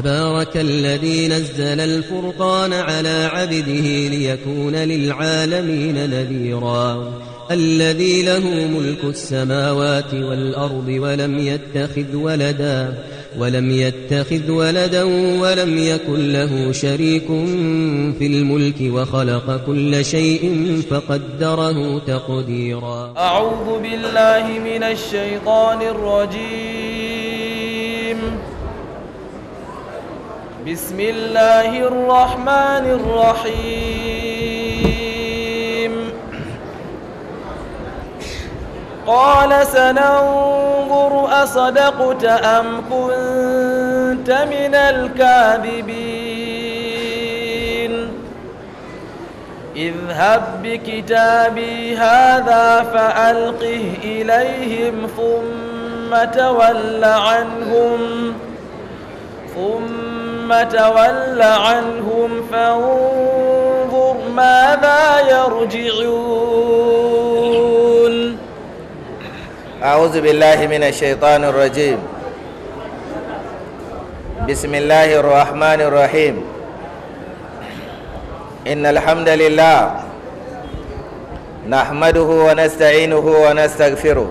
تبارك الذي نزل الفرقان على عبده ليكون للعالمين نذيرا الذي له ملك السماوات والأرض ولم يتخذ ولدا ولم يتخذ ولدا ولم يكن له شريك في الملك وخلق كل شيء فقدره تقديرا أعوذ بالله من الشيطان الرجيم بسم الله الرحمن الرحيم قال سننظر أصدقت أم كنت من الكاذبين اذهب بكتابي هذا فألقه إليهم ثم تول عنهم ثم ثم تول عنهم فانظر ماذا يرجعون أعوذ بالله من الشيطان الرجيم بسم الله الرحمن الرحيم إن الحمد لله نحمده ونستعينه ونستغفره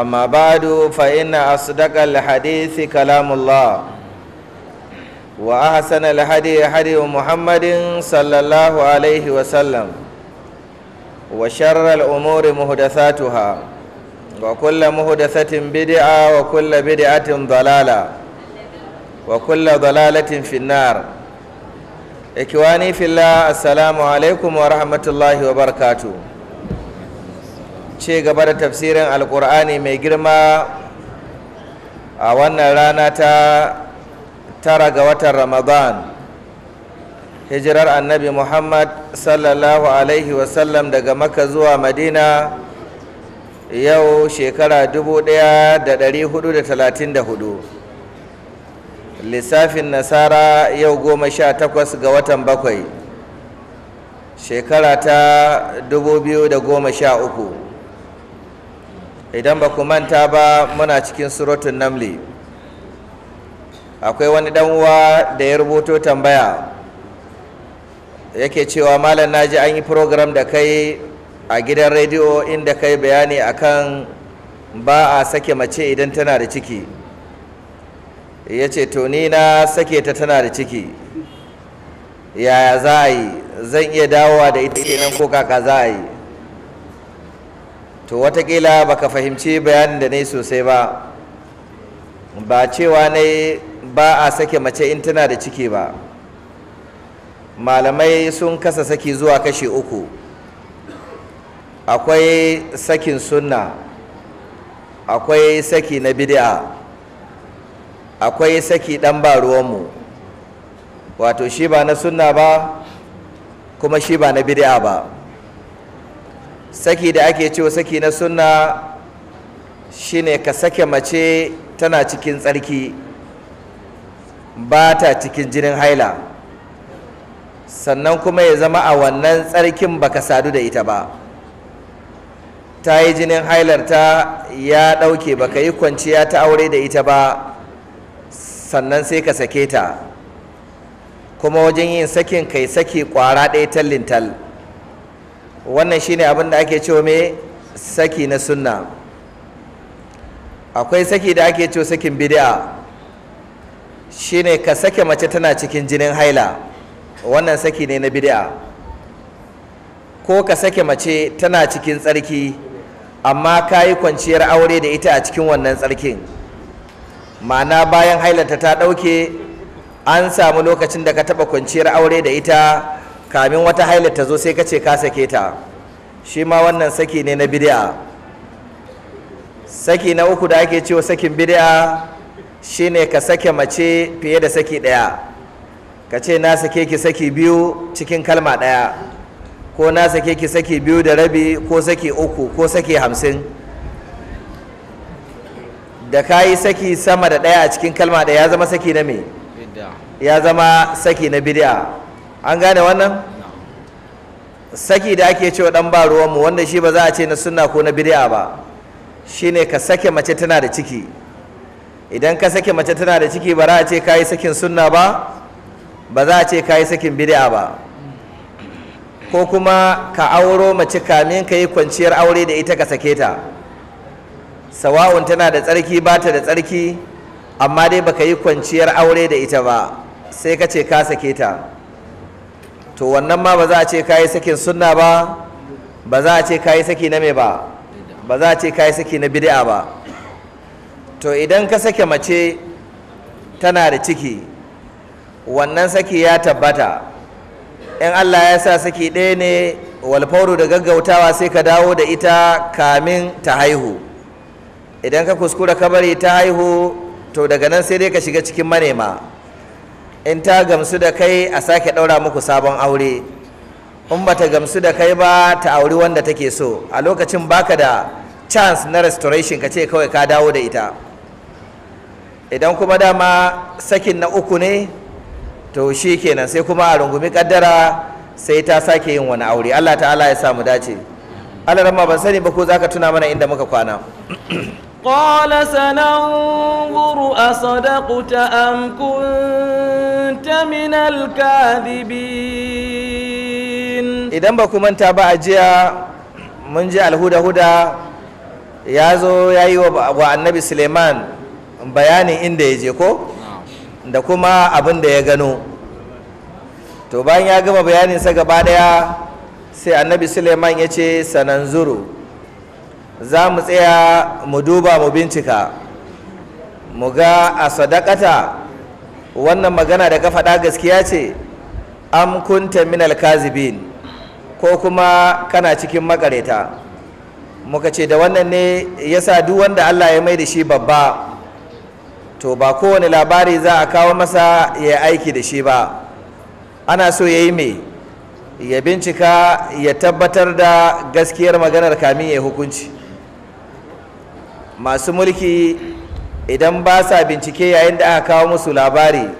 أما بعد فإن أصدق الحديث كلام الله وأحسن الهدي هدي محمد صلى الله عليه وسلم وشر الأمور محدثاتها وكل محدثة بدعة وكل بدعة ضلالة وكل ضلالة في النار إخواني في الله السلام عليكم ورحمة الله وبركاته ce gaba da tafsirin alkur'ani mai girma a wannan rana ta tara ga watan ramadan hijirar annabi muhammad sallallahu alaihi wasallam daga maka zuwa madina yau shekara 1434 lissafin nasara yau goma sha takwas ga watan bakwai shekara ta 2013 idan ba ku manta ba muna cikin suratun namli akwai wani uwa da ya rubuto tambaya yake cewa malam naji an yi program da kai a gidan rediyo inda kai bayani akan ba a sake mace idan tana da ciki ya ce to ni na sake ta tana da ciki yaya za a yi zan iya dawowa da ita nan ko kaka za a yi to watakila baka fahimci bayanin da ne sosai ba ba cewa ne ba a sake mace in tana da ciki ba malamai sun kasa saki zuwa kashe uku akwai sakin sunna akwai saki na bidi'a. akwai saki dan ba ruwanmu wato shi ba na sunna ba kuma shi ba na bidi'a ba saki da ake cewa saki na sunna shine ka sake mace tana cikin tsarki ba ta cikin jinin haila sannan kuma ya zama a wannan tsarkin baka sadu da ita ba ta yi jinin ta ya ɗauke baka yi kwanciya ta aure da ita ba sannan sai ka sake ta kuma wajen yin sakin kai sake kwara ɗaya tallintal tal wannan shine abin da ake cewa me saki na sunna akwai saki da ake cewa sakin bid'a shine ka sake mace tana cikin jinin haila wannan saki ne na bid'a ko ka sake mace tana cikin tsarki amma ka yi kwanciyar aure da ita a cikin wannan tsarkin ma'ana bayan hailanta ta ɗauke an samu lokacin da ka taɓa kwanciyar aure da ita kamin wata haila ta zo sai ka ce ka sake ta shi ma wannan saki ne na bidi'a saki na uku da ake cewa sakin bidi'a shine ka sake mace fiye da saki ɗaya ka ce na sake ki saki biyu cikin kalma ɗaya ko na sake ki saki biyu da rabi ko saki uku ko saki hamsin da ka yi saki sama da ɗaya a cikin kalma ɗaya ya zama saki na me ya zama saki na bid'a an gane wannan saki da ake cewa dan ba ruwanmu wanda shi ba za a ce na sunna ko na bid'a ba shine ka sake mace tana da ciki idan ka sake mace tana da ciki ba za a ce kai sakin sunna ba ba za a ce kai sakin bid'a ba ko kuma ka auro mace kamin ka yi kwanciyar aure da ita ka sake ta sawa'un tana da tsarki ba ta da tsarki amma dai baka yi kwanciyar aure da ita ba sai ka ce ka sake ta to wannan ma ba za a ce kayi sakin sunna ba ba za a ce kayi saki na me ba ba za a ce kayi saki na bid'a ba to idan ka sake mace tana da ciki wannan saki ya tabbata in Allah ya sa saki ɗaya ne walfauru da gaggautawa sai ka dawo da ita kamin ta haihu idan ka kuskura ka bari ta haihu to daga nan sai dai ka shiga cikin manema in ta gamsu da kai a sake ɗaura muku sabon aure in ba ta gamsu da kai ba ta auri wanda take so a lokacin baka da chance na restoration ka ce kawai ka dawo da ita idan kuma dama sakin na uku ne to shi kenan sai kuma a rungumi kaddara sai ta sake yin wani aure allah ta'ala ya samu dace allah ban sani ba ko zaka tuna mana inda muka kwana قال سننظر أصدقت أم كنت من الكاذبين إذن بكم من تابع جيا من جاء الهدى هدى ya zo ya yi wa annabi suleiman bayanin inda ya je ko da kuma abin da ya gano to bayan ya gama bayaninsa gaba daya sai annabi suleiman ya ce sananzuru za mu tsaya mu duba mu bincika mu ga a sadakata wannan magana da ka faɗa gaskiya ce an kunta minal kazibin ko kuma kana cikin makareta muka ce da wannan ne ya sa duk wanda Allah ya mai da shi babba to ba kowane labari za a kawo masa ya aiki da shi ba ana so ya yi mai ya bincika ya tabbatar da gaskiyar maganar kamin ya hukunci masu mulki idan ba sa bincike yayin da aka kawo musu labari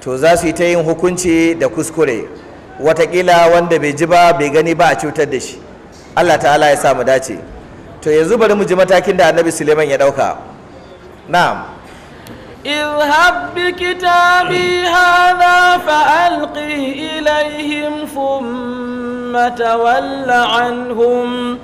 to za su yi ta yin hukunci da kuskure watakila wanda bai ji ba bai gani ba a cutar da shi allah ta'ala ya samu dace to yanzu bari mu ji matakin da annabi suleiman ya ɗauka na'am اذهب بكتابي هذا فألقه إليهم ثم تول عنهم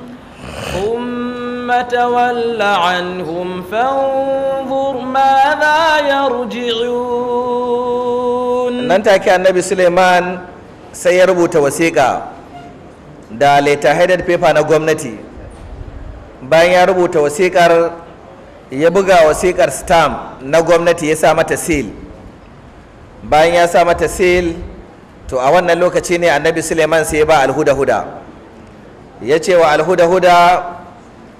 ثم ثم تول عنهم فانظر ماذا يرجعون nan take annabi suleiman sai ya rubuta wasiƙa da leta headed na gwamnati bayan ya rubuta wasiƙar ya buga wasiƙar stam na gwamnati ya sa mata sil bayan ya sa mata seal to a wannan lokaci ne annabi suleiman sai ba alhudahuda huda ya ce wa alhuda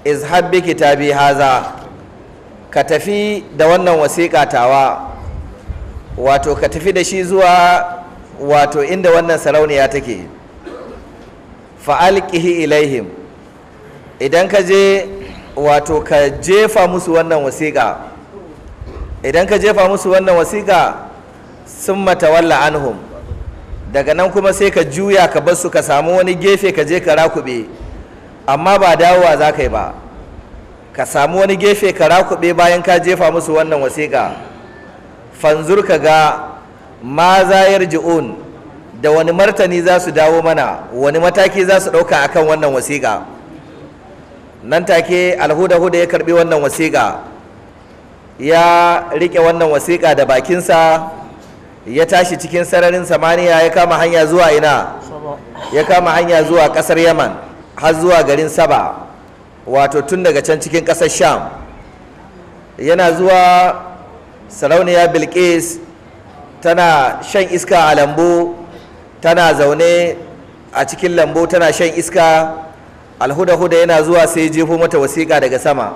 izhabbi bi kitabi haza ka tafi da wannan wasiƙa tawa wato ka tafi da shi zuwa wato inda wannan sarauniya take fa'alƙihi ilaihim idan ka je wato ka jefa musu wannan wasiƙa idan ka jefa musu wannan wasiƙa sun matawalla anhum daga nan kuma sai ka juya ka basu ka samu wani gefe ka je ka rakube amma ba dawowa za ka yi ba ka samu wani gefe ka rakuɓe bayan ka jefa musu wannan wasiƙa fanzur ka ga ma zayar ji'un da wani martani za su dawo mana wani mataki za su ɗauka akan wannan wasiƙa nan take alhuda-huda ya karɓi wannan wasiƙa ya riƙe wannan wasiƙa da bakinsa ya tashi cikin sararin samaniya ya kama hanya zuwa ina ya kama hanya zuwa ƙasar yaman har zuwa garin saba wato tun daga can cikin ƙasar sham yana zuwa sarauniya bilkis tana shan iska a lambu tana zaune a cikin lambu tana shan iska alhuda-huda yana zuwa sai jefo mata wasiƙa daga sama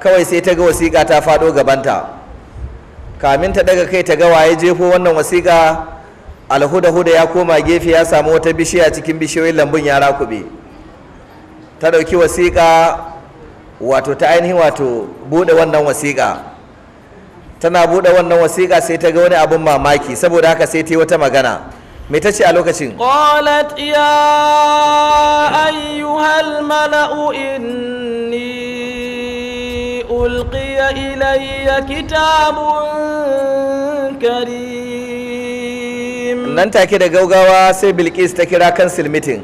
kawai sai ta ga wasiƙa ta faɗo gabanta kamin ta daga kai ta ga waye jefo wannan wasiƙa alhuda-huda ya koma gefe ya samu wata bishiya cikin bishiyoyin lambun ya rakube ta ɗauki wasiƙa wato ta ainihin wato buɗe wannan wasiƙa tana buɗe wannan wasiƙa sai ta ga wani abin mamaki saboda haka sai ta yi wata magana me ta ce a lokacin qalat ya ayyuhal mala'u inni ulqiya ilayya kitabun karim nan take da gaugawa sai bilqis ta kira council meeting.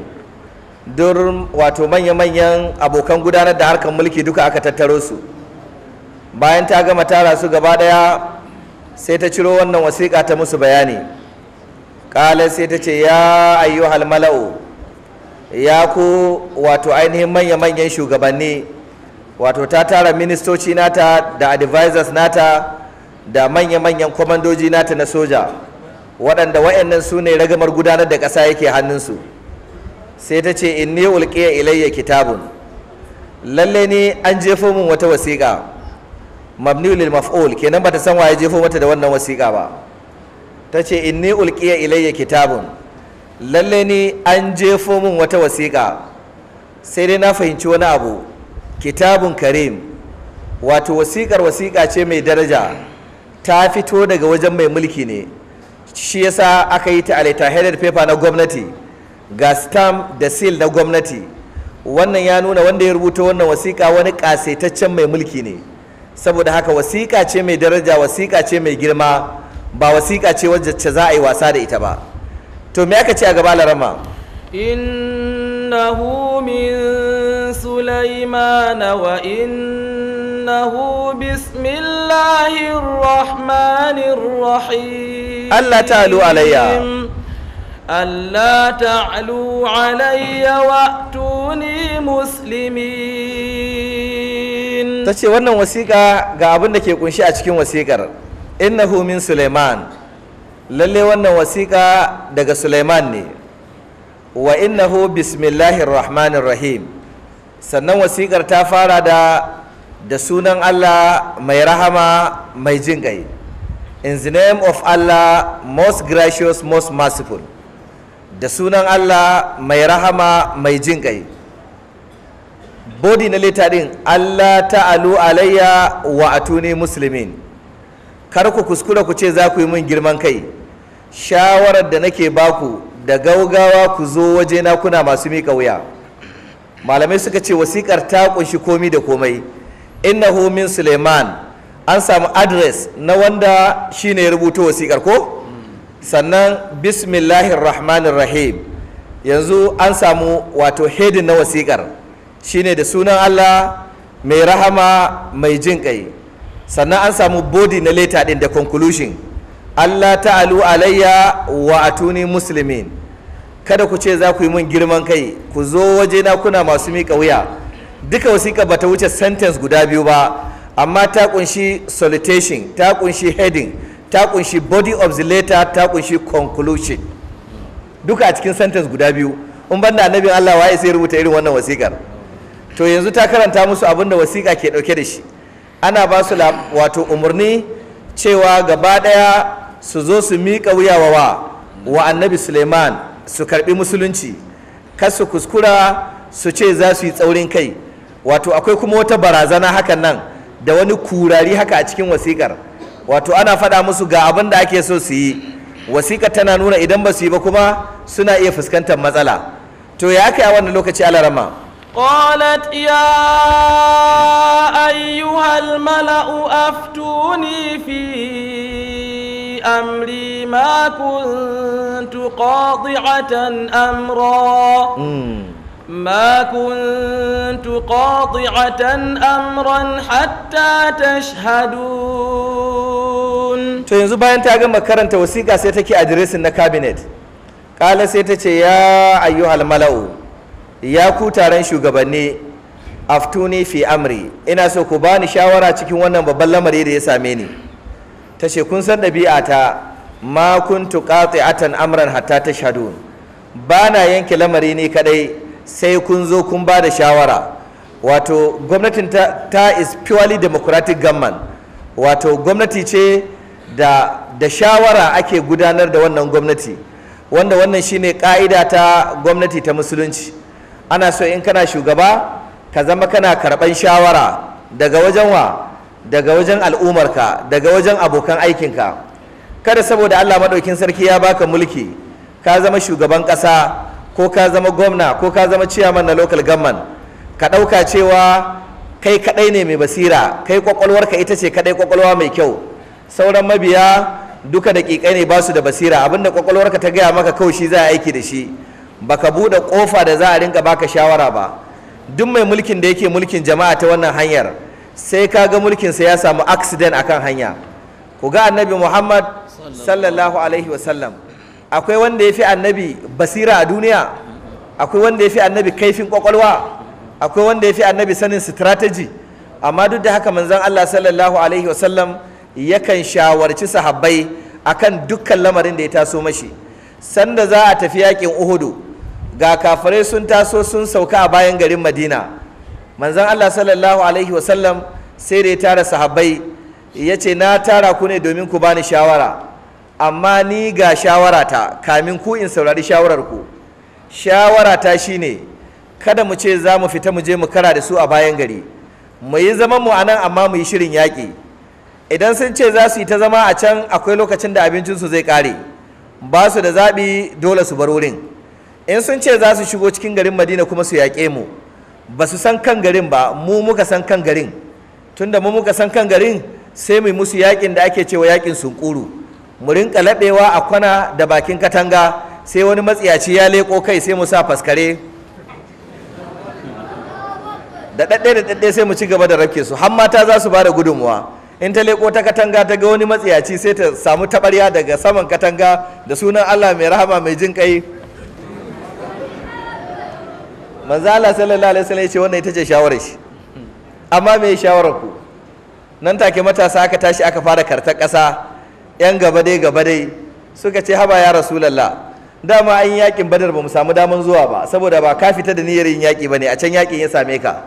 dur wato manya-manyan abokan gudanar da harkar mulki duka aka tattaro su bayan ta gama tara su gaba daya sai ta ciro wannan wasiƙa ta musu bayani ƙala sai ta ce ya ayyu halmala'u ya ku wato ainihin manya-manyan shugabanni wato ta tara ministoci nata da advisors nata da manya-manyan kwamandoji nata na soja waɗanda wa'annan su ne ragamar gudanar da ƙasa yake hannunsu sai ta ce in ulƙe ulqiya ilayya kitabun lalle ni an jefo min wata wasiƙa mabni lil maf'ul kenan bata san waye jefo mata da wannan wasiƙa ba ta ce in ulƙe ulqiya ilayya kitabun lalle ni an jefo min wata wasiƙa sai dai na fahimci wani abu kitabun karim wato wasiƙar wasiƙa ce mai daraja ta fito daga wajen mai mulki ne shi yasa aka yi ta a littahedar paper na gwamnati ga stamp da seal na gwamnati wannan ya nuna wanda ya rubuta wannan wasiƙa wani ƙasaitaccen mai mulki ne saboda haka wasiƙa ce mai daraja wasiƙa ce mai girma ba wasiƙa ce wacce za a yi wasa da ita ba to me aka ce a gaba larama innahu min sulaimana wa innahu bismillahir rahmanir rahim Allah ta'alu alayya ألا تعلوا علي وأتوني مسلمين تشي wannan wasiƙa ga abin da ke kunshi a cikin wasiƙar innahu min Sulaiman lalle wannan wasiƙa daga Sulaiman ne wa innahu bismillahir rahmanir rahim sannan wasiƙar ta fara da da sunan Allah mai rahama mai jin in the name of Allah most gracious most merciful da sunan Allah mai rahama mai jin ƙai bodi na leta ɗin Allah ta'alu alayya wa atuni musulmin kar ku kuskura ku ce za ku yi min girman kai shawarar da nake baku da gaugawa ku zo waje na kuna masu miƙa wuya malamai suka ce wasikar ta ƙunshi komi da komai innahu min suleiman an samu adres na wanda shine ya rubuta wasikar, ko sannan bismillahir rahmanir rahim yanzu an samu wato hedin na wasikar shine da sunan allah mai rahama mai jin kai sannan an samu bodi na leta ɗin da conclusion allah ta'alu alayya wa atuni muslimin kada ku ce za ku yi mun girman kai ku zo waje na kuna masu miƙa wuya duka wasiƙa bata wuce sentence guda biyu ba amma ta kunshi salutation ta kunshi heading ta kunshi body of the letter ta kunshi conclusion duka a cikin sentence guda biyu in banda annabin Allah waye sai rubuta irin wannan wasikar to yanzu ta karanta musu abin da wasiƙa ke dauke da shi ana ba su wato umarni cewa gaba daya su zo su miƙa wuya wa wa annabi suleiman su karbi musulunci kar su kuskura su ce za su yi tsaurin kai wato akwai kuma wata barazana hakan nan da wani kurari haka a cikin wasiƙar wato ana faɗa musu ga abin da ake so su yi wasiƙa tana nuna idan ba su yi ba kuma suna iya fuskantar matsala to ya kai a wannan lokaci alarama قالت يا أيها الملأ أفتوني في أمري ما كنت قاطعة أمرا ما كنت قاطعة أمرا حتى تشهدون to yanzu bayan ta gama karanta wasiƙa sai take adiresin na cabinet kala sai ta ce ya ayyuhal mala'u ya ku taron shugabanni aftuni fi amri ina so ku bani shawara cikin wannan babban lamari da ya same ni ta ce kun san ɗabi'ata ma kuntu atan amran hatta shadu ba na yanke lamari ne kadai sai kun zo kun ba da shawara wato gwamnatin ta, ta is purely democratic government wato gwamnati ce da, da shawara ake gudanar da wannan gwamnati wanda wannan shine ka'ida ta gwamnati ta musulunci ana so in kana shugaba ka zama kana karɓan shawara daga wajen wa daga wajen al'umarka daga wajen abokan aikinka kada saboda allah maɗaukin sarki ya baka mulki ka zama shugaban ƙasa ko ka zama gwamna ko ka zama ciyaman na local government ka ɗauka cewa kai kaɗai ne mai basira kai kwakwalwarka ita ce kaɗai kwakwalwa mai kyau sauran mabiya duka daƙiƙai ne basu da basira abinda ƙwaƙwalwarka ta gaya maka kawai shi za a aiki da shi baka buɗe ƙofa da za a rinka baka shawara ba duk mai mulkin da yake mulkin jama'a ta wannan hanyar sai ka ga mulkinsa ya samu accident akan hanya ku ga annabi muhammad sallallahu alaihi wasallam akwai wanda ya fi annabi basira a duniya akwai wanda ya fi annabi kaifin kwakwalwa akwai wanda ya fi annabi sanin strategy amma duk da haka manzon allah sallallahu alaihi wasallam yakan shawarci sahabbai akan dukkan lamarin da ya taso mashi sanda za a tafi yakin uhudu ga kafirai sun taso sun sauka a bayan garin madina manzon allah sallallahu alaihi wasallam sai da ya tara sahabbai ya ce na tara ku ne domin ku bani shawara amma ni ga shawarata kamin ku in saurari shawarar shawararku shawarata shine kada mu ce za mu fita mu je mu kara da su a bayan gari mu yi zaman mu anan amma mu yi shirin yaƙi idan sun ce za su yi ta zama a can akwai lokacin da abincinsu zai kare ba su da zaɓi dole su bar wurin in sun ce za su shigo cikin garin madina kuma su yaƙe mu ba su san kan garin ba mu muka san kan garin tunda mu muka san kan garin sai mu yi musu yaƙin da ake cewa yaƙin sunkuru mu rinka laɓewa a kwana da bakin katanga sai wani matsiyaci ya leƙo kai sai mu sa faskare da ɗaɗɗe da ɗaɗɗe sai mu ci gaba da rafke su har mata za su ba da gudunmuwa in ta leko ta katanga ta ga wani matsiyaci sai ta samu taɓarya daga saman katanga da sunan Allah mai rahama mai jin kai manzo Allah sallallahu alaihi wasallam ya ce wannan ita ce shawarar shi amma me shawarar ku nan take matasa aka tashi aka fara karta ƙasa yan gaba dai gaba dai suka ce haba ya rasulullah dama an yi yakin badar ba mu samu daman zuwa ba saboda ba ka fita da niyyar yin yaki bane a can yakin ya same ka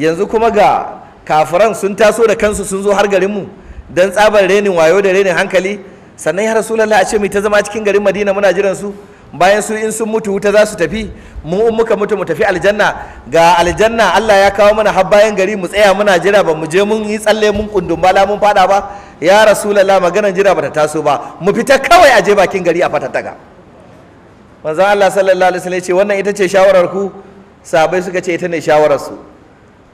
yanzu kuma ga kafiran sun taso da kansu sun zo har garinmu don tsabar renin wayo da renin hankali sannan ya rasulallah a ce mai ta zama cikin garin madina muna jiran su bayan su in sun mutu wuta za su tafi mu in muka mutu mu tafi aljanna ga aljanna Allah ya kawo mana har bayan gari mu tsaya muna jira ba mu je mun yi tsalle mun kundun bala mun fada ba ya rasulallah magana jira bata taso ba mu fita kawai a je bakin gari a fatattaka manzon Allah sallallahu alaihi wasallam ya ce wannan ita ce shawarar ku sabai suka ce ita ne shawarar su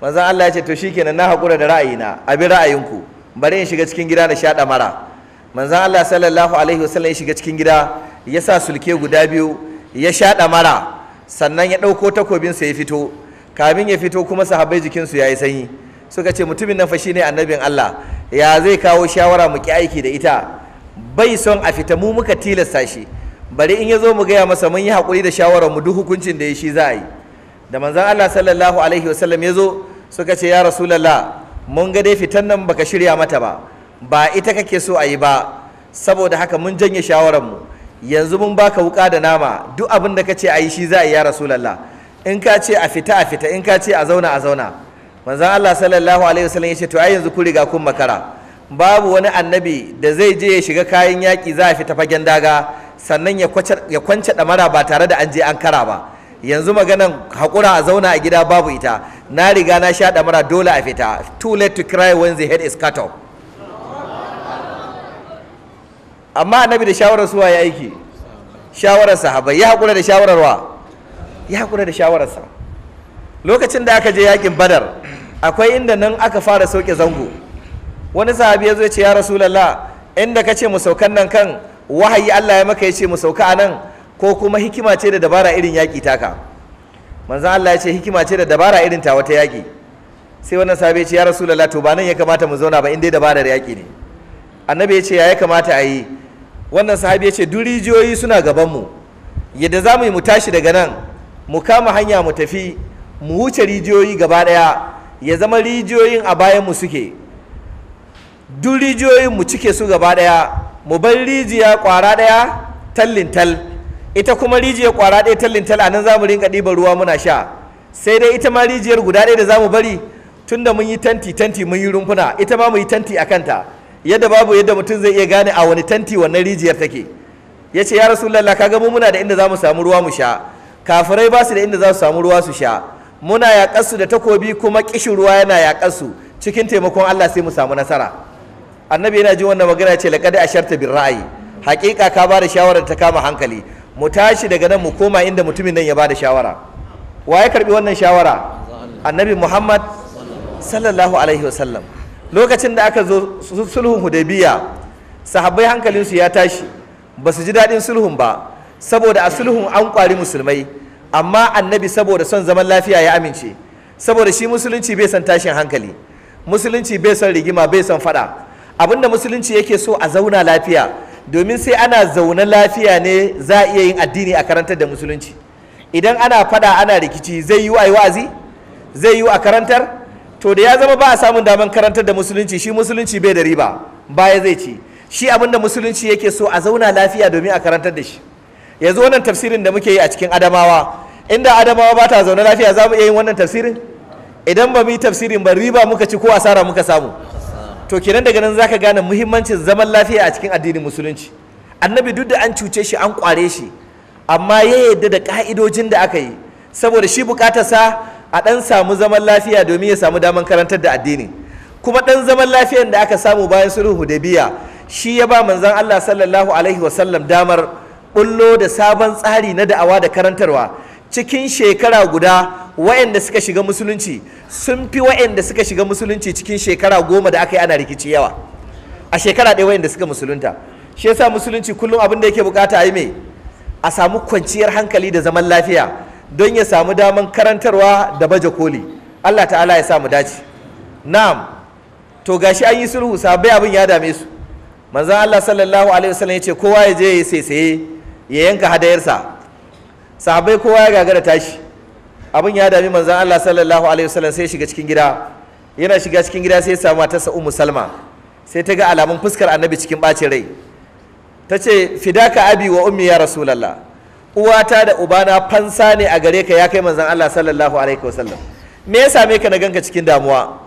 Wanzan Allah ya ce to shikenan na haƙura da ra'ayina abin ra'ayinku bari in shiga cikin gida na sha mara Manzan Allah sallallahu alaihi wasallam ya shiga cikin gida ya sa sulke guda biyu ya sha mara sannan ya ɗauko takobinsa ya fito kamin ya fito kuma sahabbai jikinsu ya yi sanyi suka ce mutumin nan fa shine annabin Allah ya zai kawo shawara mu ki aiki da ita bai son a fita mu muka tilasta shi bari in ya zo mu gaya masa mun yi haƙuri da shawarar mu duk hukuncin da ya shi za a yi da manzon Allah sallallahu alaihi wasallam ya zo suka ce ya rasulallah mun ga dai fitan nan baka shirya mata ba ba ita kake so a yi ba saboda haka mun janye shawararmu yanzu mun baka wuka da nama duk abin da kace a yi shi za a yi ya rasulallah in ka ce a fita a fita in ka ce a zauna a zauna manzon Allah sallallahu alaihi wasallam ce to ai yanzu ku riga kun makara babu wani annabi da zai je ya shiga kayan yaki za a fita fagen daga sannan ya kwance damara ba tare da an je an kara ba yanzu maganan haƙura a zauna a gida babu ita na riga na sha mara dole a fita too late to cry when the head is cut off amma annabi da shawarar suwa ya aiki shawarar sahabai ya haƙura da shawarar wa ya haƙura da sa lokacin da aka je yakin badar akwai inda nan aka fara sauke zango wani sahabi ya zo ya ce ya rasulallah inda ka ce mu saukan nan kan wahayi allah ya maka ya ce mu sauka a nan ko kuma hikima ce da dabara irin yaƙi taka manzan Allah ya ce hikima ce da dabara irin ta wata yaƙi sai wannan sahabi ce ya rasu to ba nan ya kamata mu zauna ba in dai dabarar yaƙi ne annabi ya ce ya kamata a yi wannan sahabi ya ce durijiyoyi suna gaban mu yadda za mu yi mu tashi daga nan mu kama hanya mu tafi mu wuce rijiyoyi gaba ɗaya ya zama rijiyoyin a bayan mu suke duk rijiyoyin mu cike su gaba ɗaya mu bar rijiya ƙwara ɗaya tallin tal ita kuma rijiyar kwara ɗaya tallin tala nan za mu rinka ɗiban ruwa muna sha sai dai ita ma rijiyar guda ɗaya da za mu bari tun da mun yi tanti tanti mun yi rumfuna ita ma mu yi tanti a kanta yadda babu yadda mutum zai iya gane a wani tanti wannan rijiyar take ya ce ya rasulallah ga mu muna da inda za mu samu ruwa mu sha kafirai ba su da inda za su samu ruwa su sha muna yaƙar su da takobi kuma kishin ruwa yana yaƙar su cikin taimakon Allah sai mu samu nasara annabi yana ji wannan magana ce laqad sharta bin ra'ayi haƙiƙa ka ba da shawarar ta kama hankali mu tashi daga nan mu koma inda mutumin nan ya bada shawara wa ya karbi wannan shawara annabi muhammad sallallahu alaihi wasallam lokacin da aka zo sulhun hudaybiya sahabbai su ya tashi ba su ji daɗin sulhun ba saboda a sulhun an kwari musulmai amma annabi saboda son zaman lafiya ya amince saboda shi musulunci bai son tashin hankali musulunci bai son rigima bai son fada abinda musulunci yake so a zauna lafiya domin sai ana zaune lafiya ne za a iya yin addini a karantar da musulunci idan ana fada ana rikici zai yi ai wa'azi zai yi a karantar to da ya zama ba a samun daman karantar da musulunci shi musulunci bai da riba baya zai ci shi abin da musulunci yake so a zauna lafiya domin a karantar da shi yanzu wannan tafsirin da muke yi a cikin adamawa inda adamawa ba ta zaune lafiya za mu iya yin wannan tafsirin idan ba mu yi tafsirin ba riba muka ci ko asara muka samu to kenan daga nan zaka gane muhimmancin zaman lafiya a cikin addinin musulunci annabi duk da an cuce shi an kware shi amma ya yadda da ka'idojin da aka yi saboda shi bukatarsa a dan samu zaman lafiya domin ya samu daman karantar da addini kuma dan zaman lafiyan da aka samu bayan sulhu hudabiya shi ya ba manzon Allah sallallahu alaihi wasallam damar bullo da sabon tsari na da'awa da karantarwa cikin shekara guda wayanda suka shiga musulunci sun fi wayanda suka shiga musulunci cikin shekara goma da aka yi ana rikici yawa a shekara ɗaya wayanda suka musulunta shi yasa musulunci kullum abin da yake bukata a yi mai a samu kwanciyar hankali da zaman lafiya don ya samu daman karantarwa da baje koli Allah ta'ala ya sa mu dace na'am to gashi an yi sulhu sabai abin ya dame su Manzan Allah sallallahu alaihi wasallam ya ce kowa ya je ya saisaye ya yanka hadayarsa sahabbai kowa ya gagara tashi abin ya dami manzon Allah sallallahu alaihi wasallam sai shiga cikin gida yana shiga cikin gida sai ya samu matarsa Ummu Salma sai ta ga alamun fuskar Annabi cikin bacin rai ta ce fidaka abi wa ummi ya rasulallah uwata da ubana fansa ne a gare ka ya kai manzan Allah sallallahu alaihi wasallam me ya same ka na ganka cikin damuwa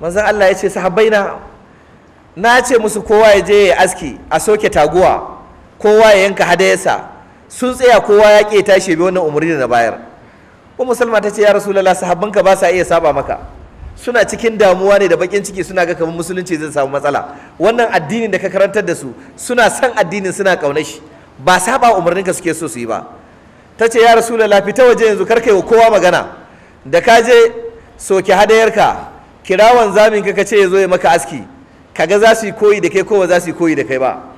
manzan Allah ya ce sahabai na na ce musu kowa ya je ya aski a soke taguwa kowa ya yanka hadayarsa sun tsaya kowa ya ke tashi bi wannan umarni da na bayar ko musulma ta ce ya rasulullah sahabbanka ba sa iya saba maka suna cikin damuwa ne da bakin ciki suna ga kamar musulunci zai samu matsala wannan addinin da ka karantar da su suna san addinin suna ƙauna shi ba saba umarninka suke so su yi ba ta ce ya rasulullah fita waje yanzu kar yi wa kowa magana da ka je soke hadayarka kirawan zamin ka ce ya zo ya maka aski kaga za su yi koyi da kai kowa za su yi koyi da kai ba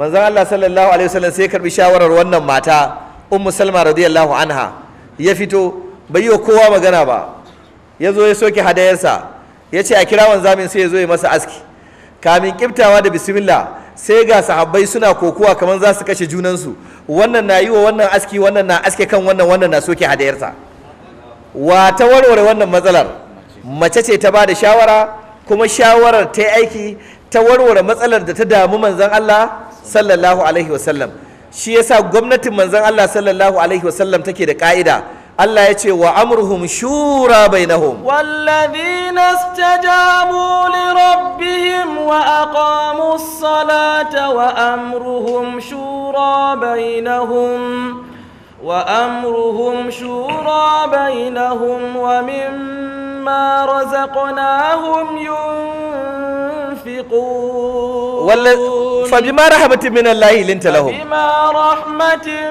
manzon Allah sallallahu alaihi wasallam sai karbi shawarar wannan mata ummu salma radiyallahu anha ya fito bai yi kowa magana ba ya zo ya soke hadayarsa ya ce a kira wanzamin sai ya zo ya masa aski kamin kiftawa da bismillah sai ga sahabbai suna kokuwa kamar za su kashe junansu wannan na yi wa wannan aski wannan na aske kan wannan wannan na soke hadayarsa wa ta warware wannan matsalar mace ce ta ba da shawara kuma shawarar ta aiki ta warware matsalar da ta damu manzon Allah sallallahu alaihi wasallam shi yasa gwamnatin manzon Allah sallallahu alaihi wasallam take da ka'ida Allah ya ce wa amruhum shura bainahum walladhina istajabu li rabbihim wa aqamus salata wa amruhum shura bainahum وأمرهم شورى بينهم ومما رزقناهم ينفقون ينفقون فبما رحمة من الله لنت لهم فبما رحمة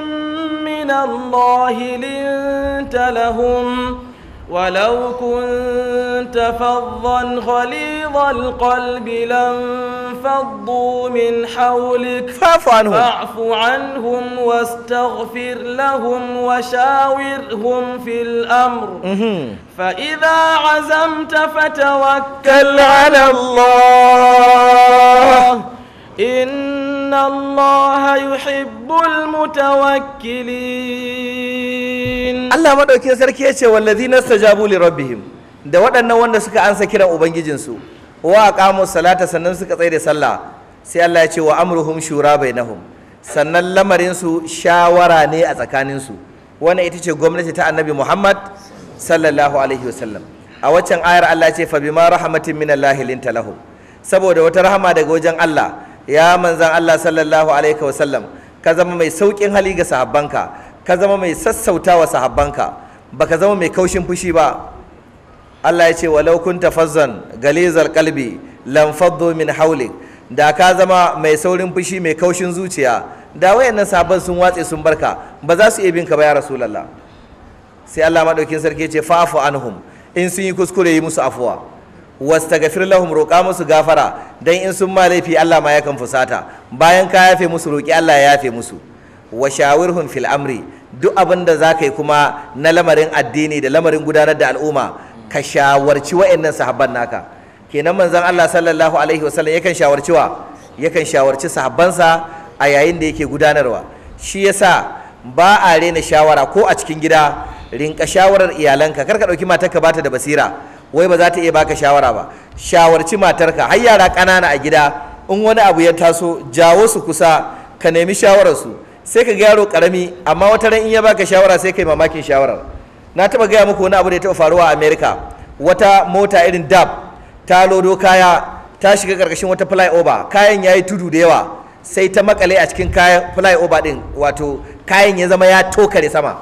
من الله لنت لهم ولو كنت فظا غليظ القلب لانفضوا من حولك فاعف عنهم فاعف عنهم واستغفر لهم وشاورهم في الامر فاذا عزمت فتوكل على الله إن إن الله يحب المتوكلين الله ما دوكين سركي يشي والذين استجابوا da waɗannan wanda suka ansa kiran ubangijinsu wa aqamu salata sannan suka tsaye da sallah sai Allah ya ce wa amruhum shura bainahum sannan lamarin su shawara ne a tsakanin su wannan ita ce gwamnati ta Annabi Muhammad sallallahu alaihi wasallam a waccan ayar Allah ya ce fa bima rahmatin minallahi linta lahum saboda wata rahama daga wajen Allah ya manzan Allah sallallahu alaihi sallam ka zama mai saukin hali ga sahabbanka ka zama mai sassautawa sahabbanka baka zama mai kaushin fushi ba Allah ya ce walau kunta fazzan galizal qalbi lam faddu min hawlik da ka zama mai saurin fushi mai kaushin zuciya da wayannan sahabban sun watse sun barka ba za su iya bin ka ba ya rasulullah sai Allah madaukin sarki ya ce fa'fu anhum in sun yi kuskure yi musu afuwa gafir lahum roƙa musu gafara don in sun ma laifi Allah ma yakan fusata bayan ka yafe musu roƙi Allah ya yafe musu wa shawirhum fil amri duk abin da zaka yi kuma na lamarin addini da lamarin gudanar da al'umma ka shawarci wa'annan sahabban naka kenan manzon Allah sallallahu alaihi wasallam yakan shawarci wa yakan shawarci sahabbansa a yayin da yake gudanarwa shi yasa ba a rena shawara ko a cikin gida rinka shawarar iyalanka kar karka dauki matarka bata da basira wai ba za ta iya baka shawara ba shawarci matarka har yara ƙanana a gida in wani abu ya taso jawo su kusa ka nemi shawararsu sai ka ga yaro karami amma wata ran in ya baka shawara sai kai mamakin shawarar na taba gaya muku wani abu da ya taba faruwa a america wata mota irin dab ta lodo kaya ta shiga karkashin wata flyover kayan yayi tudu da yawa sai ta makale a cikin kayan flyover din wato kayan ya zama ya tokare sama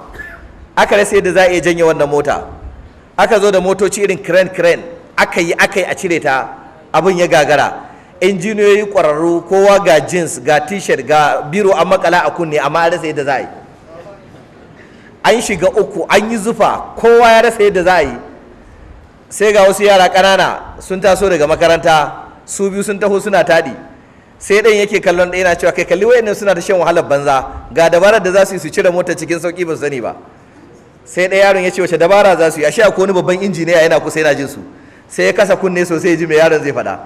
aka rasa yadda za a iya janye wannan mota aka zo da motoci irin crane crane aka yi aka yi a cire ta abin ya gagara injiniyoyi kwararru kowa ga jeans ga t-shirt ga biro an makala a kunne amma an rasa yadda za a yi an shiga uku an yi zufa kowa ya rasa yadda za a yi sai ga wasu yara ƙanana sun taso daga makaranta su biyu sun taho suna taɗi sai ɗan yake kallon ɗaya na cewa kai kalli wayannan suna da shan wahalar banza ga dabarar da za su yi su cire mota cikin sauƙi ba su sani ba sai ɗaya yaron ya ce wace dabara za su yi ashe akwai wani babban injiniya yana kusa yana jin su sai ya kasa kunne sosai ya ji mai yaron zai faɗa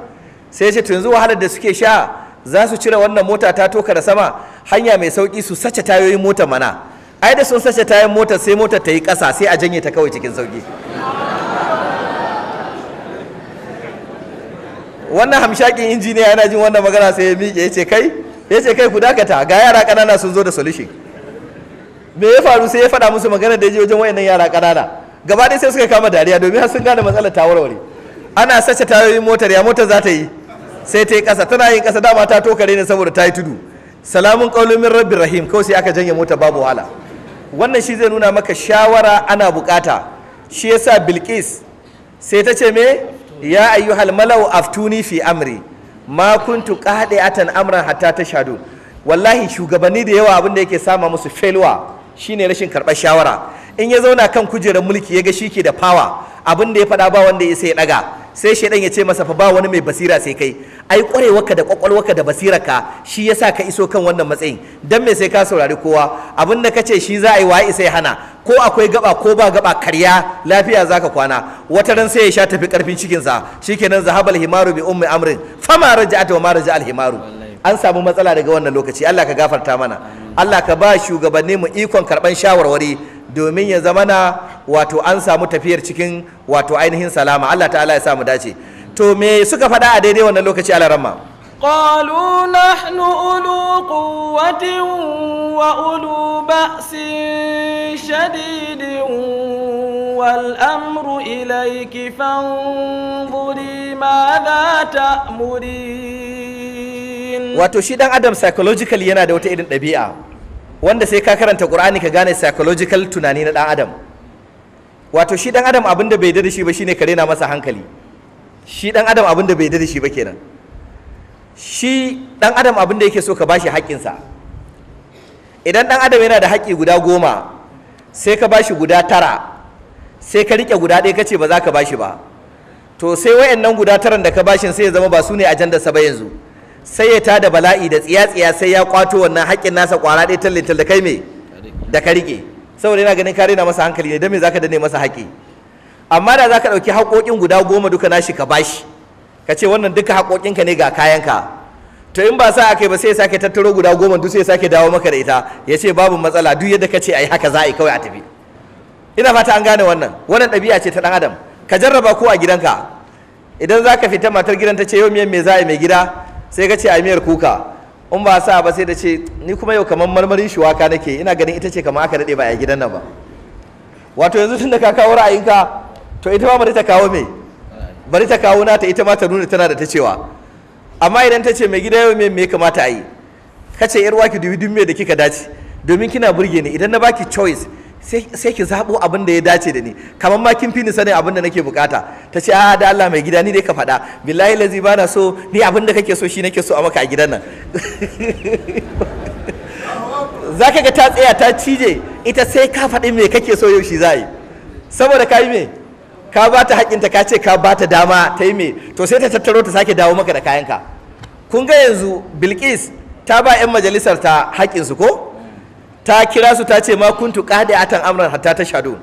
sai ya ce to yanzu wahalar da suke sha za su cire wannan mota ta toka da sama hanya mai sauki su sace tayoyin mota mana ai da sun sace tayoyin mota sai mota ta yi ƙasa sai a janye ta kawai cikin sauki wannan hamshakin injiniya yana jin wannan magana sai ya miƙe ya ce kai ya ce kai ku dakata ga yara ƙanana sun zo da solution me ya faru sai ya faɗa musu magana da ya je wajen wayannan yara ƙanana gaba ɗaya sai suka kama dariya domin har sun gane matsalar ta warware ana sace tayoyin motar ya motar za ta yi sai ta yi ƙasa tana yin ƙasa dama ta tokare ne saboda ta yi tudu salamun ƙaunumin rabbi rahim kawai sai aka janye mota babu wahala wannan shi zai nuna maka shawara ana bukata shi yasa bilkis. sai ta ce me ya ayyuhal malau aftuni fi amri ma kuntu qadi atan amran hatta tashhadu wallahi shugabanni da yawa abin da yake sama musu felwa. shine rashin karɓar shawara in ya zauna kan kujerar mulki ya ga shi ke da fawa abin da ya faɗa ba wanda ya sai ɗaga sai shaidan ya ce masa fa ba wani mai basira sai kai ai ka da kwakwalwaka da basirarka shi yasa ka iso kan wannan matsayin dan me sai ka saurari kowa abin da kace shi za a yi wa'i sai hana ko akwai gaba ko ba gaba karya lafiya zaka kwana wata ran sai ya sha tafi karfin cikin sa shikenan zahabal himaru bi ummi amrin fama raja'atu wa ma raja'al himaru an samu matsala daga wannan lokaci Allah ka gafarta mana Allah ka ba shugabanni mu ikon karban shawarwari domin ya zama na wato an samu tafiyar cikin wato ainihin salama Allah ta'ala ya samu dace to me suka faɗa a daidai wannan lokaci alaramma قالوا نحن أولو قوة وأولو بأس شديد والأمر إليك فانظري ماذا تأمرين wato shi dan adam psychologically yana da wata irin ɗabi'a wanda sai ka karanta qur'ani ka gane psychological tunani na dan adam wato shi dan adam abinda bai da shi ba shine ka rena masa hankali shi dan adam abinda bai da shi ba kenan shi dan adam abinda yake so ka bashi haƙƙinsa idan dan adam yana da haƙƙi guda goma sai ka bashi guda tara sai ka riƙe guda ɗaya kace ba za ka bashi ba to sai wayannan guda taran da ka bashin sai ya zama ba su ne ajandarsa ba yanzu sai ya tada bala'i da tsiya-tsiya sai ya kwato wannan haƙƙin nasa kwara ɗaya tallintal da kai me da ka riƙe saboda yana ganin kare na masa hankali ne don me zaka dane masa haƙƙi amma da zaka ɗauki haƙoƙin guda goma duka nashi ka bashi ka ce wannan duka haƙoƙinka ne ga kayanka to in ba sa aka yi ba sai ya sake tattaro guda goma duk sai ya sake dawo maka da ita ya ce babu matsala duk yadda ka ce a yi haka za a yi kawai a tafi ina fata an gane wannan wannan ɗabi'a ce ta ɗan adam ka jarraba ko a gidanka idan za ka fita matar gidan ta ce yau miyan me za yi mai gida sai ka ce a miyar kuka in ba sa ba sai da ce ni kuma yau kamar marmarin shuwaka nake ina ganin ita ce kamar aka daɗe ba a gidan nan ba wato yanzu tun da ka kawo ra'ayinka to ita ma bari ta kawo me bari ta kawo nata ita ma ta nuna tana da ta cewa amma idan ta ce mai gida yau me me kamata a yi kace yar waki dubi dubi me da kika dace domin kina burge ni idan na baki choice sai ki zabo abin da ya dace da ni kamar ma kin fi ni sanin abin da nake bukata ta ce a da Allah mai gida ni dai ka faɗa billahi lazi ba na so ni abin da kake so shi nake so a maka a gidan nan za ka ga ta tsaya ta cije ita sai ka faɗi me kake so yau shi za yi saboda ka yi me ka ba ta haƙƙinta ka ce ka ba ta dama ta yi me to sai ta tattaro ta sake dawo maka da kayanka kun ga yanzu bilkis ta ba 'yan majalisar ta su ko ta kira su ta ce ma kuntu tan amran hatta shadu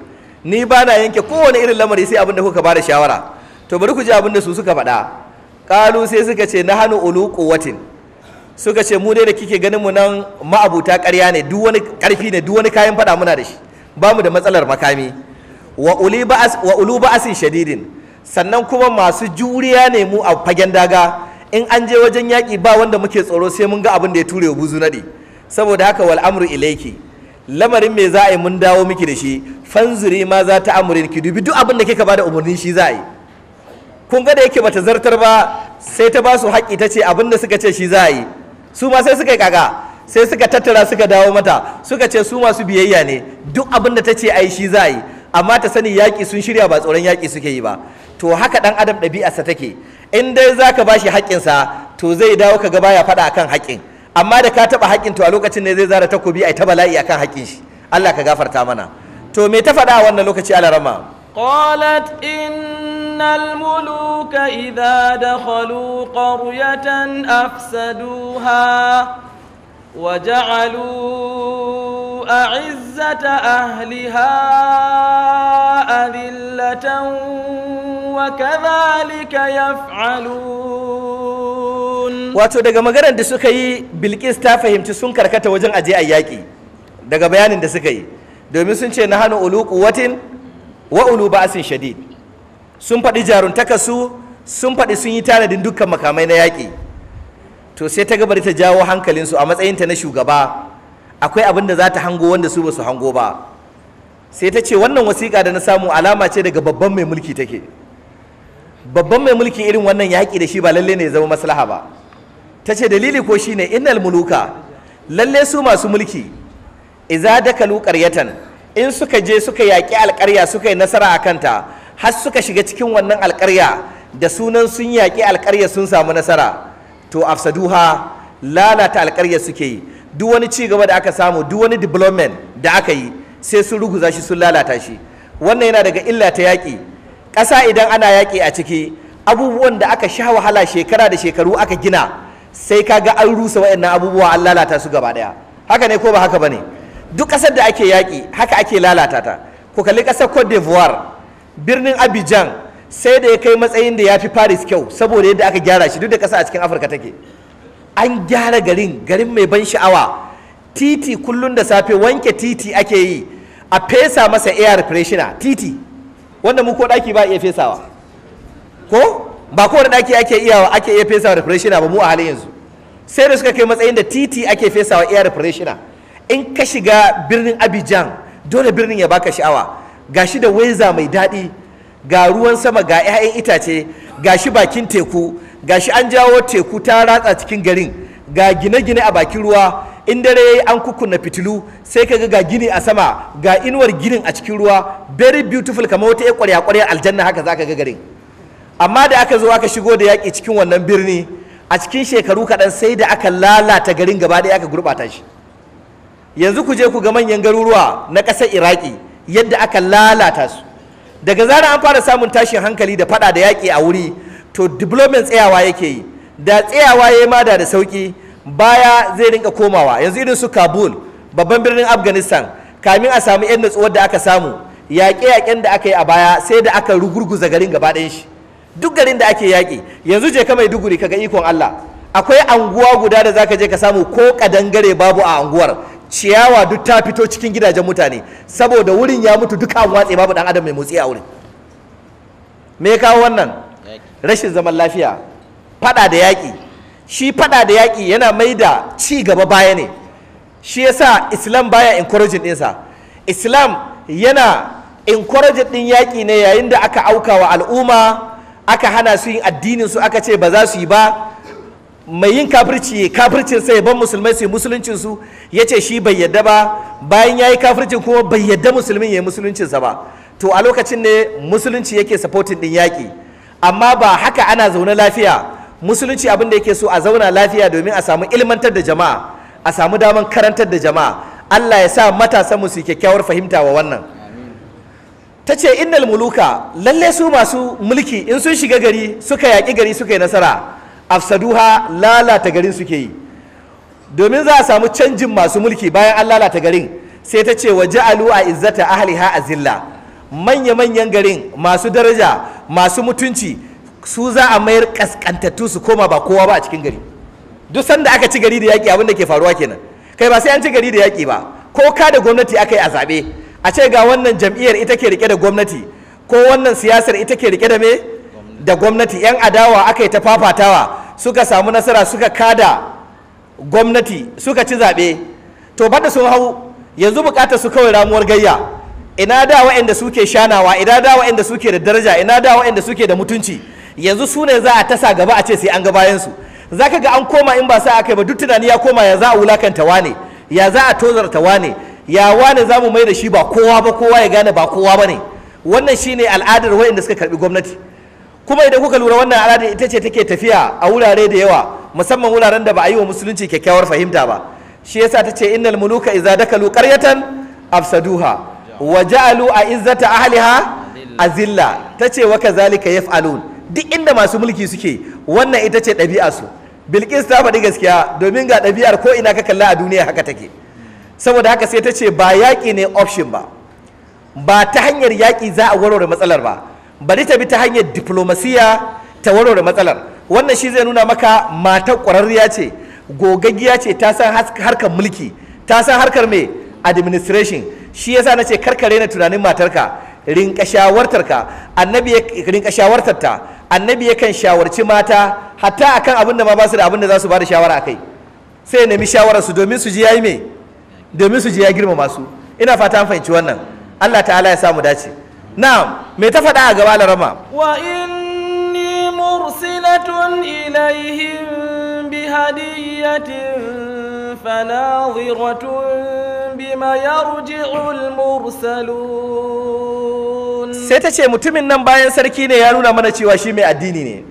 ni ba na yanke kowane irin lamari sai abin da kuka bada shawara to bari ku ji abin da su suka faɗa kalu sai suka ce na hannu ulu quwwatin suka ce mu dai da kike ganin mu nan ma'abuta ƙarya ne duk wani ƙarfi ne duk wani kayan faɗa muna da shi ba mu da matsalar makami wa uli ba'as wa ulu ba'asin shadidin sannan kuma masu juriya ne mu a fagen daga in an je wajen yaƙi ba wanda muke tsoro sai mun ga abin da ya ture buzu naɗi saboda haka wal amru lamarin me za a yi mun dawo miki da shi fanzuri ma za ta amurin ki dubi duk abin da kika bada umarnin shi za a yi kun ga da yake bata zartar ba sai ta ba su haƙƙi ta ce abin da suka ce shi za a yi su ma sai suka yi kaka sai suka tattara suka dawo mata suka ce su masu biyayya ne duk abin da ta ce a yi shi za a yi amma ta sani yaƙi sun shirya ba tsoron yaƙi suke yi ba to haka ɗan adam ɗabi'arsa take in dai za ka ba shi haƙƙinsa to zai dawo ka ga baya faɗa akan haƙƙin amma da ka taɓa haƙƙin to a lokacin ne zai zara takobi ai ta bala'i akan haƙƙin shi Allah ka gafarta mana to me ta faɗa a wannan lokaci alarama qalat innal muluka idza dakhalu qaryatan afsaduha وجعلوا أعزة أهلها أذلة وكذلك يفعلون wato daga maganar da suka yi bilkis ta fahimci sun karkata wajen aje a yaƙi daga bayanin da suka yi domin sun ce na hana ulu watin wa ulu ba'asin shadid sun faɗi jaruntaka su sun faɗi sun yi tanadin dukkan makamai na yaƙi to sai ta gabar ta jawo hankalinsu a matsayinta na shugaba akwai abin da za ta hango wanda su basu hango ba sai ta ce wannan wasiƙa da na samu alama ce daga babban mai mulki take babban mai mulki irin wannan yaƙi da shi ba lalle ne ya zama maslaha ba ta ce dalili ko shine innal muluka lalle su masu mulki iza dakalu qaryatan in suka je suka yaki alƙarya suka yi nasara a kanta har suka shiga cikin wannan alƙarya da sunan sun yaki alƙarya sun samu nasara to afsaduha lalata alƙarya suke yi duk wani ci gaba da aka samu duk wani development da aka yi sai sun ruguza shi sun lalata shi wannan yana daga illa ta yaki ƙasa idan ana yaki a ciki abubuwan da aka sha wahala shekara da shekaru aka gina sai ka ga an rusa waɗannan abubuwa an lalata su gaba ɗaya haka ne ko ba haka ba ne duk ƙasar da ake yaƙi haka ake lalata ta ku kalli ƙasar cote d'ivoire birnin abidjan sai da ya kai matsayin da ya fi paris kyau saboda yadda aka gyara shi duk da ƙasa a cikin afirka take an gyara garin garin mai ban sha'awa titi kullun da safe wanke titi ake yi a fesa masa air freshener titi wanda mu ko ɗaki ba iya fesawa ko ba kowane ɗaki ake iya ake iya fesawa refreshina ba mu a halin yanzu sai da suka kai matsayin da titi ake fesawa iya refreshina. in ka shiga birnin Abijan, dole birnin ya baka sha'awa Ga shi da weza mai daɗi ga ruwan sama ga 'ya'yan itace gashi bakin teku gashi an jawo teku ta ratsa cikin garin ga gine-gine a bakin ruwa in dare yayi an kukunna fitilu sai ka ga gini a sama ga inuwar ginin a cikin ruwa very beautiful kamar wata ya kwarya-kwarya aljanna haka za ka ga garin amma da aka zo aka shigo da yaƙi cikin wannan birni a cikin shekaru kaɗan sai da aka lalata garin gaba ɗaya aka gurɓata shi yanzu ku je ku ga manyan garuruwa na ƙasar iraki yadda aka lalata su daga zarar an fara samun tashin hankali da faɗa da yaƙi a wuri to development tsayawa yake yi da tsayawa ya ma da sauƙi baya zai rinka komawa yanzu irin su kabul babban birnin afghanistan kamin a samu 'yan natsuwar da aka samu yaƙe-yaƙen da aka yi a baya sai da aka rugurguza garin gaba ɗayan shi duk garin da ake yaƙi yanzu je ka mai duguri ga ikon Allah akwai anguwa guda da zaka je ka samu ko kadangare babu a anguwar ciyawa duk ta fito cikin gidajen mutane saboda wurin ya mutu duka an watse babu dan adam mai motsi a wurin me ya kawo wannan rashin zaman lafiya fada da yaƙi shi fada da yaƙi yana mai da ci gaba baya ne shi yasa islam baya encouraging ɗinsa islam yana encouraging ɗin yaƙi ne yayin da aka auka wa al'umma aka hana su yin addinin su aka ce ba za su yi ba mai yin kafirci kafircin sai ban musulmai su musuluncin su ya ce shi bai yadda ba bayan ya yi kafircin kuma bai yadda musulmin ya yi musuluncinsa ba to a lokacin ne musulunci yake supporting din yaki amma ba haka ana zaune lafiya musulunci abin da yake so a zauna lafiya domin a samu ilmantar da jama'a a samu daman karantar da jama'a Allah ya sa matasan mu su kyakkyawar fahimta wa wannan ta ce innal muluka lalle su masu mulki in sun shiga gari suka yaƙi gari suka yi nasara afsaduha lalata garin suke yi domin za a samu canjin masu mulki bayan an lalata garin sai ta ce wa ja'alu a izzata ahliha azilla manya-manyan garin masu daraja masu mutunci su za a mayar kaskantattu su koma ba kowa ba a cikin gari duk sanda aka ci gari da yaƙi abin da ke faruwa kenan kai ba sai an ci gari da yaƙi ba ko ka da gwamnati aka yi a zaɓe a ce ga wannan jam'iyyar ita ke rike da gwamnati ko wannan siyasar ita ke rike da me da gwamnati yan adawa aka yi ta fafatawa suka samu nasara suka kada gwamnati suka ci zaɓe to bada sun hau yanzu bukatar su kawai ramuwar gayya ina da wa'anda suke shanawa ina da wa'anda suke da daraja ina da wa'anda suke da mutunci yanzu su ne za a tasa gaba a ce sai an ga bayan su zaka ga an koma in ba sa aka ba duk tunani ya koma ya za a wulakanta wane ya za a tozarta wane yawa ne za mu mai da shi ba kowa ba kowa ya gane ba kowa ba ne wannan shi ne al'adar wayanda suka karbi gwamnati kuma idan kuka lura wannan al'adar ita ce take tafiya a wurare da yawa musamman wuraren da ba a yi wa musulunci kyakkyawar fahimta ba shi yasa ta ce innal muluka idza dakalu qaryatan afsaduha wa ja'alu a'izzata ahliha azilla ta ce wa kazalika yaf'alun duk inda masu mulki suke wannan ita ce ɗabi'a su bilkis ta faɗi gaskiya domin ga ɗabi'ar ko ina ka kalla a duniya haka take saboda haka sai ta ce ba yaƙi ne option ba ba ta hanyar yaƙi za a warware matsalar ba bari ta bi ta hanyar diplomasiya ta warware matsalar wannan shi zai nuna maka mata ƙwararriya ce gogaggiya ce ta san harkar mulki ta san harkar mai administration shi yasa na ce karkare na tunanin matarka rinka shawartarka annabi ya rinka shawartarta annabi yakan shawarci mata hatta akan abin da ma ba su da abin da za su ba da shawara akai sai nemi shawarar su domin su ji yayi mai. domin su je ya girmama su ina fata an fahimci wannan Allah ta'ala ya samu dace na'am me ta faɗa a gaba larama wa inni mursilatun ilaihim bi hadiyatin fanaziratun bima yarji'ul mursalun sai ta ce mutumin nan bayan sarki ne ya nuna mana cewa shi mai addini ne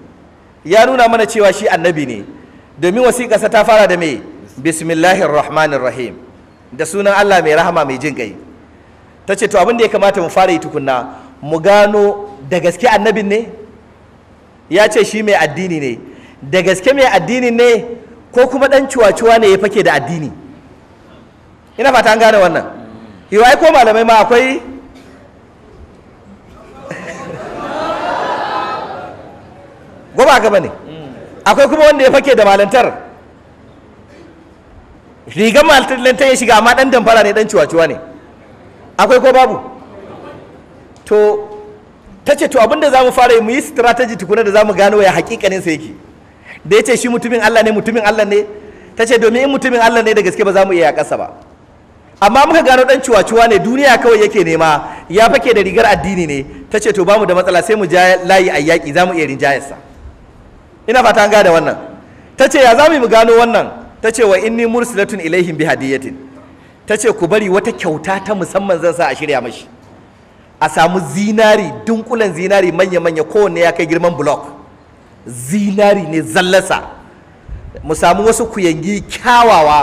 ya nuna mana cewa shi annabi ne domin wasiƙarsa ta fara da me bismillahir rahmanir rahim da sunan Allah mai rahama mai jin kai ta ce to abin da ya kamata mu fara yi tukunna mu gano da gaske annabin ne ya ce shi mai addini ne da gaske mai addini ne ko kuma dan cuwa-cuwa ne ya fake da addini ina fata an gane wannan iwai ko malamai ma akwai goma gaba ne akwai kuma wanda ya fake da malantar rigar maltallanta ya shiga amma dan damfara ne dan ciwa-ciwa ne akwai ko babu to ta ce to abinda za mu fara yi mu yi strategy tukuna da za mu gano ya hakikanin sa yake da ya ce shi mutumin Allah ne mutumin Allah ne ta ce domin in mutumin Allah ne da gaske ba za mu iya kasa ba amma muka gano dan ciwa-ciwa ne duniya kawai yake nema ya fake da rigar addini ne ta ce to bamu da matsala sai mu ja layi a yaƙi za mu iya rinjayarsa ina fata an gada wannan ta ce ya za mu gano wannan ta ce wa inni mursilatun ilaihim bi hadiyatin ta ce ku bari wata kyauta ta musamman zan sa a shirya mashi a samu zinari dunkulen zinari manya-manya kowanne ya kai girman block zinari ne zallasa mu samu wasu kuyangi kyawawa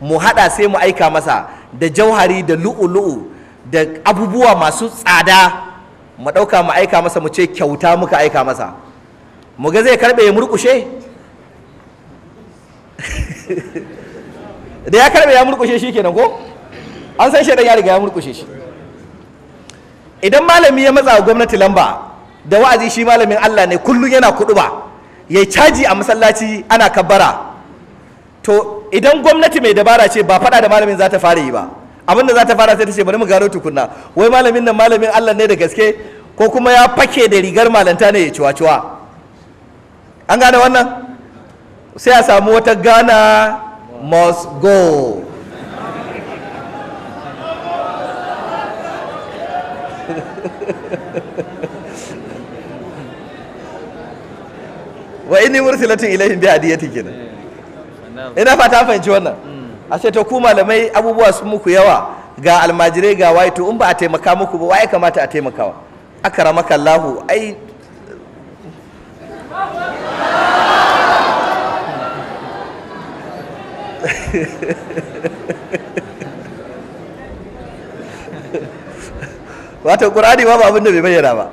mu haɗa sai mu aika masa da jauhari da lu'ulu'u da abubuwa masu tsada mu ɗauka mu aika masa mu ce kyauta muka aika masa mu ga zai karɓe ya murkushe. da ya karbe ya murkushe shi kenan ko an san shi ya riga ya murkushe shi idan malami ya matsa wa gwamnati lamba da wa'azi shi malamin Allah ne kullum yana kudu ba ya caji a masallaci ana kabbara to idan gwamnati mai dabara ce ba fada da malamin za ta fara yi ba abin da za ta fara sai ta ce bari mu gano tukunna wai malamin nan malamin Allah ne da gaske ko kuma ya fake da rigar malanta ne ya ciwa-ciwa an gane wannan sai a samu wata ghana must go wa inni mursilatun ilaihim bi hadiyati kenan hmm. ina fata fahimci wannan a hmm. ashe ta ku malamai abubuwa sun muku yawa ga almajirai ga waye to in ba a taimaka muku ba ya kamata a taimakawa a Allahu ai wato ƙur'ani ba abin da bai bayyana ba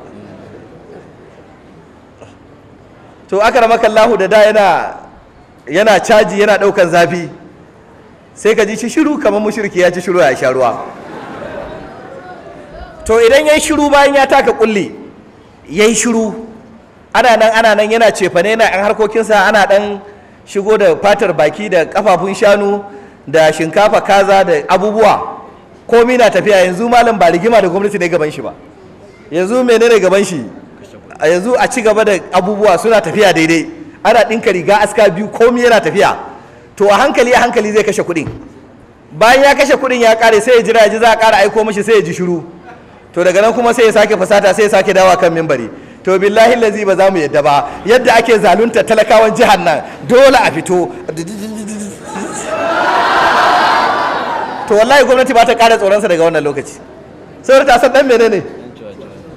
to aka rama kallahu da da yana caji yana ɗaukan zafi sai ka ji shi shiru kamar mushriki ya ci shiru ya sharuwa to idan ya shiru bayan ya taka kulli ya yi shiru ana nan ana nan yana cefane yana yan harkokinsa ana ɗan shigo da fatar baki da kafafun shanu da shinkafa kaza da abubuwa komi na tafiya yanzu malam ba rigima da gwamnati ne gaban shi ba yanzu menene gaban shi yanzu a ci gaba da abubuwa suna tafiya daidai ana ɗinka riga aska biyu komi yana tafiya to a hankali a hankali zai kashe kuɗin bayan ya kashe kuɗin ya kare sai ya jira ya ji za a kara aiko mashi sai ya ji shiru to daga nan kuma sai ya sake fasata sai ya sake dawa kan mimbari to billahi lazi ba za mu yadda ba yadda ake zalunta talakawan jihar nan dole a fito to wallahi gwamnati ba ta kara tsoronsa daga wannan lokaci saboda ta san dan menene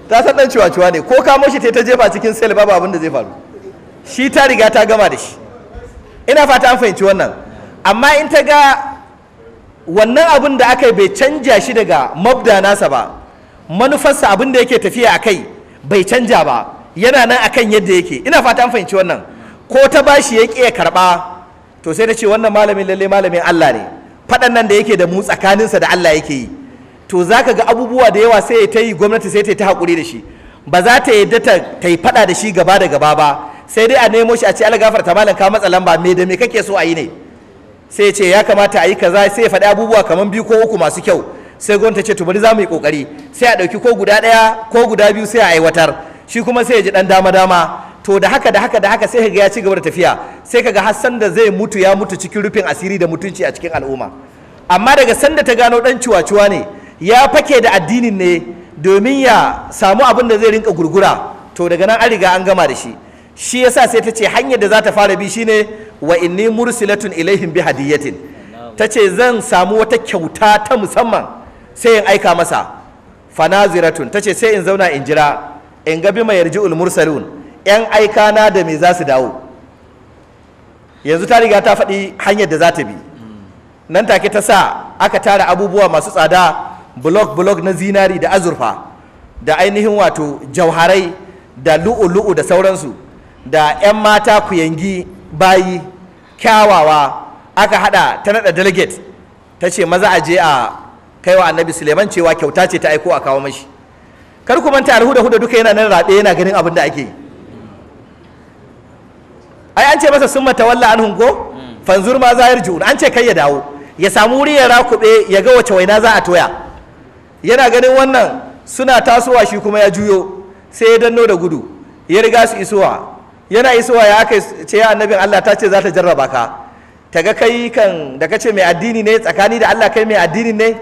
ta san dan ciwaciwa ne ko kamo shi ta jefa cikin sel ba abin da zai faru shi ta riga ta gama da shi ina fata an fahimci wannan amma in ta ga wannan abin da aka bai canja shi daga mabda nasa ba manufarsa abin da yake tafiya a kai bai canja ba yana nan akan yadda yake ina fata an fahimci wannan ko ta bashi ya ƙi ya karɓa to sai ta ce wannan malamin lalle malamin Allah ne faɗan nan da yake da mu tsakaninsa da Allah yake yi to za ka ga abubuwa da yawa sai ta yi gwamnati sai ta yi ta haƙuri da shi ba za ta yadda ta yi faɗa da shi gaba da gaba ba sai dai a nemo shi a ce algafar ta malam ka matsa lamba me da me kake so a yi ne sai ce ya kamata a yi kaza sai ya faɗi abubuwa kamar biyu ko uku masu kyau sai ta ce to bari za mu yi kokari sai a ɗauki ko guda ɗaya ko guda biyu sai a aiwatar shi kuma sai ya ji ɗan dama dama to da haka da haka da haka sai kaga ya ci gaba da tafiya sai kaga hassan da zai mutu ya mutu cikin rufin asiri da mutunci a cikin al'umma amma daga sanda ta gano dan ɗan ciwa ne ya fake da addinin ne domin ya samu abin da zai rinka gurgura to daga nan an riga an gama da shi shi yasa sai ta ce hanyar da za ta fara bi shine wa inni mursilatun ilaihim bi hadiyatin ta ce zan samu wata kyauta ta musamman sai in aika masa fanaziratun ta ce sai in zauna in jira in ga bi mai yarji'ul mursalun yan aika na da me za su dawo yanzu ta riga ta faɗi hanyar da za ta bi nan take ta sa aka tara abubuwa masu tsada blok blok na zinari da azurfa da ainihin wato jauharai da lu'u-lu'u da sauransu da 'yan mata kuyangi bayi kyawawa aka hada ta nada delegate ta ce maza a je a kai wa annabi suleiman cewa kyauta ce ta aiko a kawo mashi kar ku manta alhuda huda duka yana nan rabe yana ganin abin da ake yi ai an ce masa sun mata walla an hunko mm. fanzur ma zahir ju'un an ce kai ya dawo ya samu wuri ya rakube ya ga wace waina za a toya yana ganin wannan suna tasowa shi kuma ya juyo sai ya danno da gudu ya riga su isuwa yana isuwa ya aka ce ya annabin Allah ta ce za ta jarraba ka ta ga kai kan da ka ce mai addini ne tsakani da Allah kai mai addini ne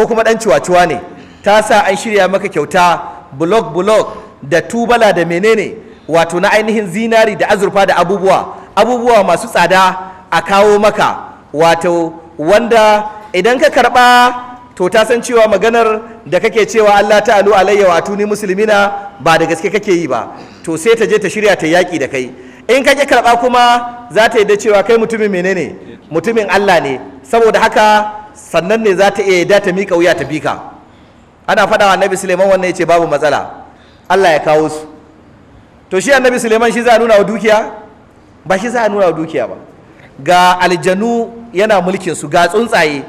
ko kuma ɗan ciwaciwa ne ta sa an shirya maka kyauta blog bulok da tubala da menene wato na ainihin zinari da azurfa da abubuwa abubuwa masu tsada a kawo maka wato wanda idan ka karɓa to ta san cewa maganar da kake cewa Allah ta alu alayya wa tuni musulmina ba da gaske kake yi ba to sai ta je ta shirya ta yaki da kai in ka ki karɓa kuma za ta yi da cewa kai mutumin menene mutumin Allah ne saboda haka sannan ne za ta iya yadda ta miƙa wuya ta bi ka ana faɗa wa annabi suleiman wannan ya ce babu matsala allah ya kawo su to shi annabi suleiman shi za a nuna wa dukiya ba shi za a nuna wa dukiya ba ga aljanu yana mulkin su ga tsuntsaye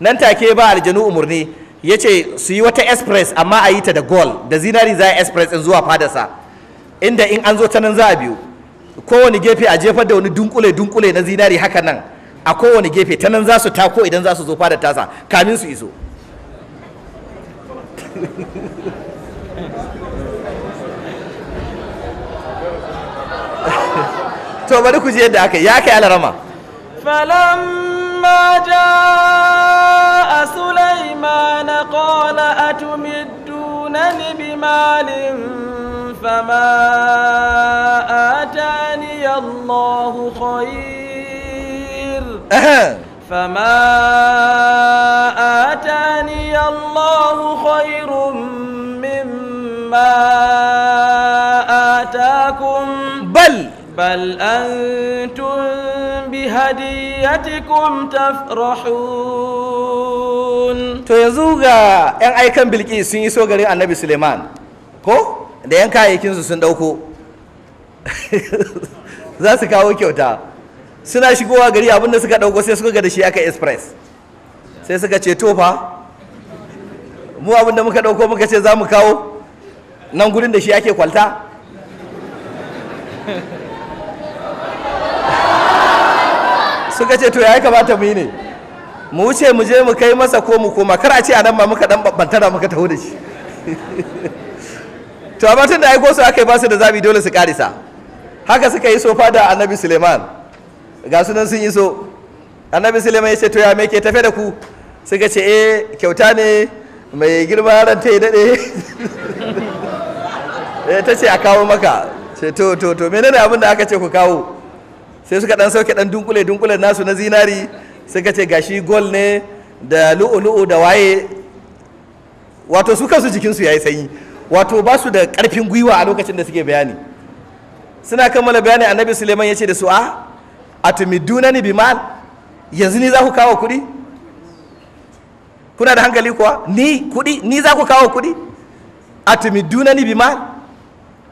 nan take ba aljanu umarni ya ce su yi wata express amma a yi ta da gol da zinari za a express in zuwa fadarsa inda in an zo ta nan za a biyu kowane gefe a jefar da wani dunkule dunkule na zinari haka nan a kowane gefe ta nan za su tako idan za su zo fada tasa kamin su iso to bari ku ji yadda aka ya kai alarama falamma ja a sulaiman qala atumiddunani bi malin fama atani allahu khair فما آتاني الله خير مما آتاكم بل بل أنتم بهديتكم تفرحون to yanzu ga 'yan aikan bilki sun iso garin annabi suleiman ko da 'yan kayayyakinsu sun ɗauko za su kawo kyauta suna shigowa gari abinda suka ɗauko sai suka ga da shi aka express sai suka ce to fa mu abinda muka ɗauko muka ce za mu kawo nan gudun da shi ake kwalta suka ce to ya kamata mu yi ne mu wuce mu je mu kai masa ko mu koma kar a ce a nan ma muka dan babbantara muka taho da shi to amma tun da aiko su aka yi basu da zabi dole su karisa haka suka yi sofa da annabi suleiman ga sunan sun iso annabi sulaiman ya ce to ya me ke tafe da ku suka ce eh kyauta ne mai girma ran ta yi daɗe eh, ta ce a kawo maka ce to to to menene abin da aka ce ku kawo sai suka dan sauke dan dunkule dunkule nasu na zinari suka ce gashi gol ne da lu'ulu'u da waye wato su kansu jikinsu yayi sanyi wato ba su da karfin gwiwa a lokacin da suke bayani suna kammala bayani annabi suleiman ya ce da su a ah, atumidunani bimal yanzu ni za ku kawo kuɗi kuna da hankali kuwa ni kuɗi ni za ku kawo kuɗi atumidunani bimal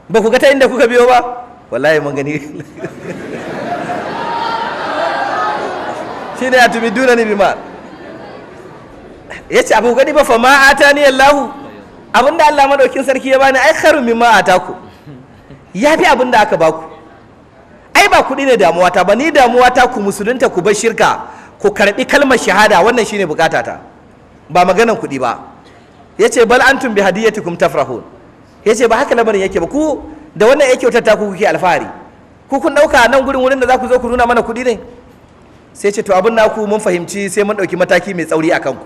ba ku gata ta inda kuka biyo ba wallahi mun gani shine atumidunani bimal yace abu gani ba fa ma ni Allah abinda Allah madaukin sarki ya bani ai kharu mimma ataku ya fi abinda aka baku ai ba kuɗi ne damuwa ta ba ni damuwa ta ku musulunta ku bar shirka ku karɓi kalmar shahada wannan shine bukata ta ba maganan kuɗi ba yace bal antum bi hadiyatikum tafrahun yace ba haka lamarin yake ba ku da wannan yake ta ku kuke alfahari ku kun ɗauka nan gurin wurin da za ku zo ku nuna mana kuɗi ne sai ce to abin naku mun fahimci sai mun ɗauki mataki mai tsauri a kanku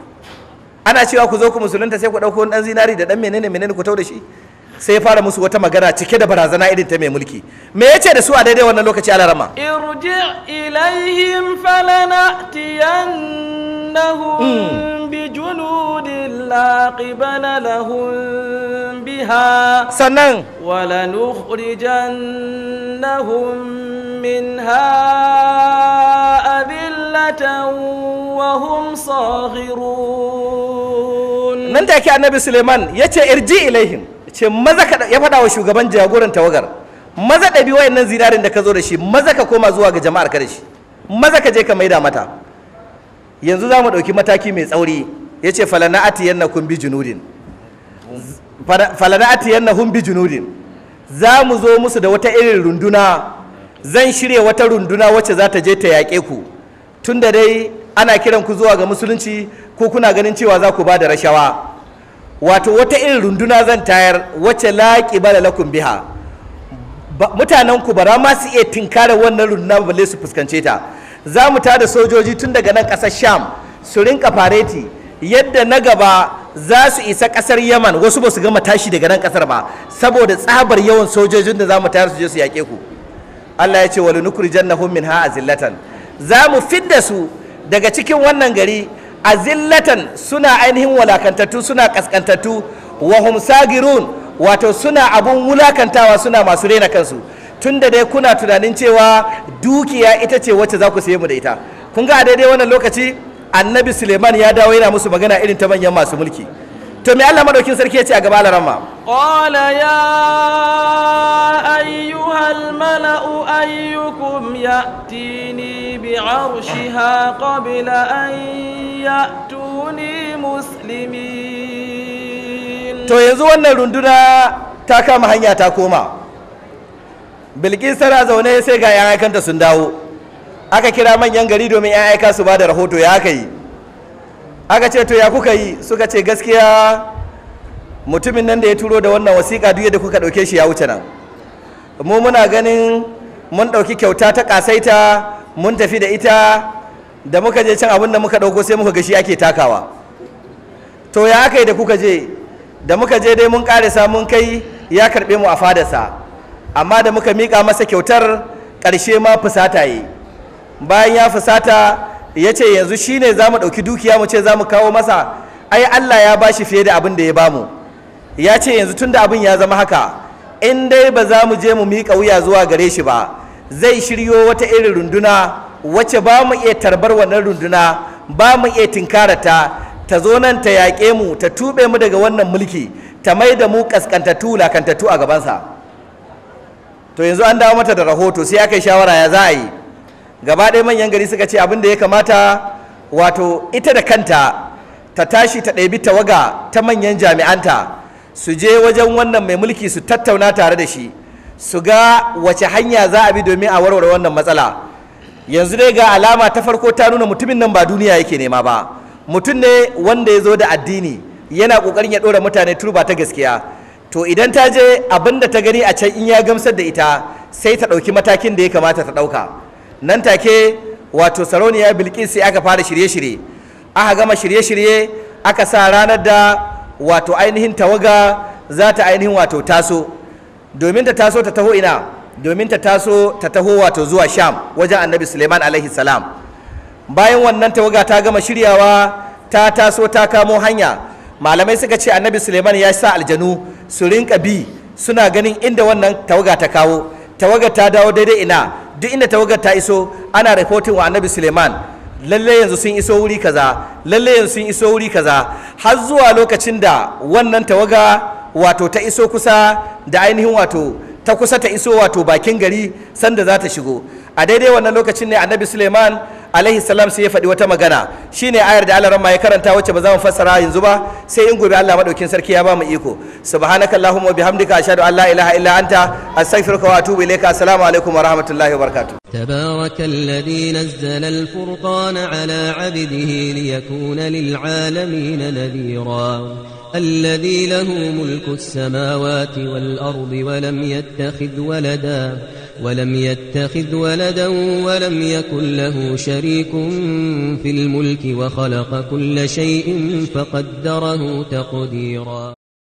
ana cewa ku zo ku musulunta sai ku ɗauko wani ɗan zinari da ɗan menene menene ku tau da shi sai ya fara musu wata magana cike da barazana irin ta mai mulki me yace da su a daidai wannan lokaci alarama irji ilaihim falanatiyannahum hmm. bi junudin la qibala lahum biha sannan wala nukhrijannahum minha adillatan wa hum saghirun nan take annabi suleiman yace irji ilaihim ce maza ka ya faɗa wa shugaban jagoran tawagar maza ɗabi wayannan zinarin da ka zo da shi maza ka koma zuwa ga jama'ar ka da shi maza ka je ka maida mata yanzu za mu ɗauki mataki mai tsauri yace ce falana'ati yanna kun bi junudin falana'ati yanna hun bi junudin za mu zo musu da wata irin runduna zan shirya wata runduna wacce za ta je ta yaƙe ku tunda dai ana kiran ku zuwa ga musulunci ko kuna ganin cewa za ku ba da rashawa wato wata irin runduna zan tayar wacce laƙi bala lakum biha mutanen ku bara ma su iya tinkara wannan runduna balle su fuskance ta za mu tada sojoji tun daga nan ƙasar sham su rinka fareti yadda na gaba za su isa ƙasar yaman wasu ba su gama tashi daga nan ƙasar ba saboda tsabar yawan sojojin da za mu tayar su je su yaƙe ku allah ya ce wani nukuri jannahum min ha zillatan za mu fidda su daga cikin wannan gari azillatan suna ainihin walakantattu suna kaskantattu wa sagirun wato suna abun wulakantawa suna masu rena kansu tunda dai kuna tunanin cewa dukiya ita ce wacce za ku saye mu da ita kun ga a daidai wannan lokaci annabi suleiman ya dawo yana musu magana irin ta manyan masu mulki to me Allah madaukin sarki yace a gaba larama qala ya ayyuhal mala'u ayyukum ya'tini bi 'arshiha qabla an ya'tuni muslimin to yanzu wannan runduna ta kama hanya ta koma bilkis tana zaune sai ga 'yan aikanta sun dawo aka kira manyan gari domin 'yan aika su ba da rahoto ya kai. aka ce to ya kuka yi suka ce gaskiya mutumin nan da ya turo da wannan wasiƙa duk da kuka ɗauke shi ya wuce nan mu muna ganin mun ɗauki kyauta ta ƙasaita mun tafi da ita da muka je can abin da muka ɗauko sai muka ga ake takawa to ya aka yi da kuka je da muka je dai mun ƙarisa mun kai ya karɓe mu a fadarsa amma da muka miƙa masa kyautar ƙarshe ma fusata yi bayan ya fusata ya ce yanzu shi ne za mu ɗauki dukiya mu ce za mu kawo masa ai Allah ya bashi fiye da abin da ya bamu ya ce yanzu tun da abin ya zama haka in dai ba za mu je mu miƙa wuya zuwa gare shi ba zai shiryo wata irin runduna wacce ba mu iya tarbar wannan runduna ba mu iya tinkarata ta zo nan ta yaƙe mu ta tuɓe mu daga wannan mulki ta mai da mu ƙasƙantattu lakantattu a gabansa to yanzu an dawo mata da rahoto sai aka yi shawara ya za a yi gaba ɗaya manyan gari suka ce abin da ya kamata wato ita da kanta ta tashi ta ɗabi tawaga ta manyan jami'anta su je wajen wannan mai mulki su tattauna tare da shi su ga wace hanya za a bi domin a warware wannan matsala yanzu dai ga alama ta farko ta nuna mutumin nan ba duniya yake nema ba mutum ne wanda ya zo da addini yana kokarin ya ɗora mutane turba ta gaskiya to idan ta je abin da ta gani a can in ya gamsar da ita sai ta ɗauki matakin da ya kamata ta ɗauka nan take wato sarauniya bilkis sai aka fara shirye-shirye aka gama shirye-shirye aka sa ranar da wato ainihin tawaga za ta ainihin wato taso domin ta taso ta taho ina domin ta taso ta taho wato zuwa sham wajen annabi suleiman alaihi salam bayan wannan tawaga ta gama shiryawa ta taso ta kamo hanya malamai suka ce annabi suleiman ya sa aljanu su rinka bi suna ganin inda wannan tawaga ta kawo tawaga ta dawo daidai ina duk inda tawagar ta iso ana rahoton wa annabi suleiman lalle yanzu sun iso wuri kaza lalle yanzu sun iso wuri kaza har zuwa lokacin da wannan tawaga wato ta iso kusa da ainihin wato ta kusa ta iso wato bakin gari sanda za ta shigo a daidai wannan lokacin ne annabi suleiman alaihi salam sai ya faɗi wata magana shine ayar da Allah ma ya karanta wacce ba za mu fassara yanzu ba sai in gobe Allah madaukin sarki ya ba mu iko subhanakallahumma wa bihamdika ashhadu an la ilaha illa anta astaghfiruka wa atubu ilayka assalamu alaikum wa rahmatullahi wa barakatuh تبارك الذي نزل الفرقان على عبده ليكون للعالمين الذي له ملك السماوات والأرض ولم يتخذ ولدا ولم يتخذ ولدا ولم يكن له شريك في الملك وخلق كل شيء فقدره تقديرا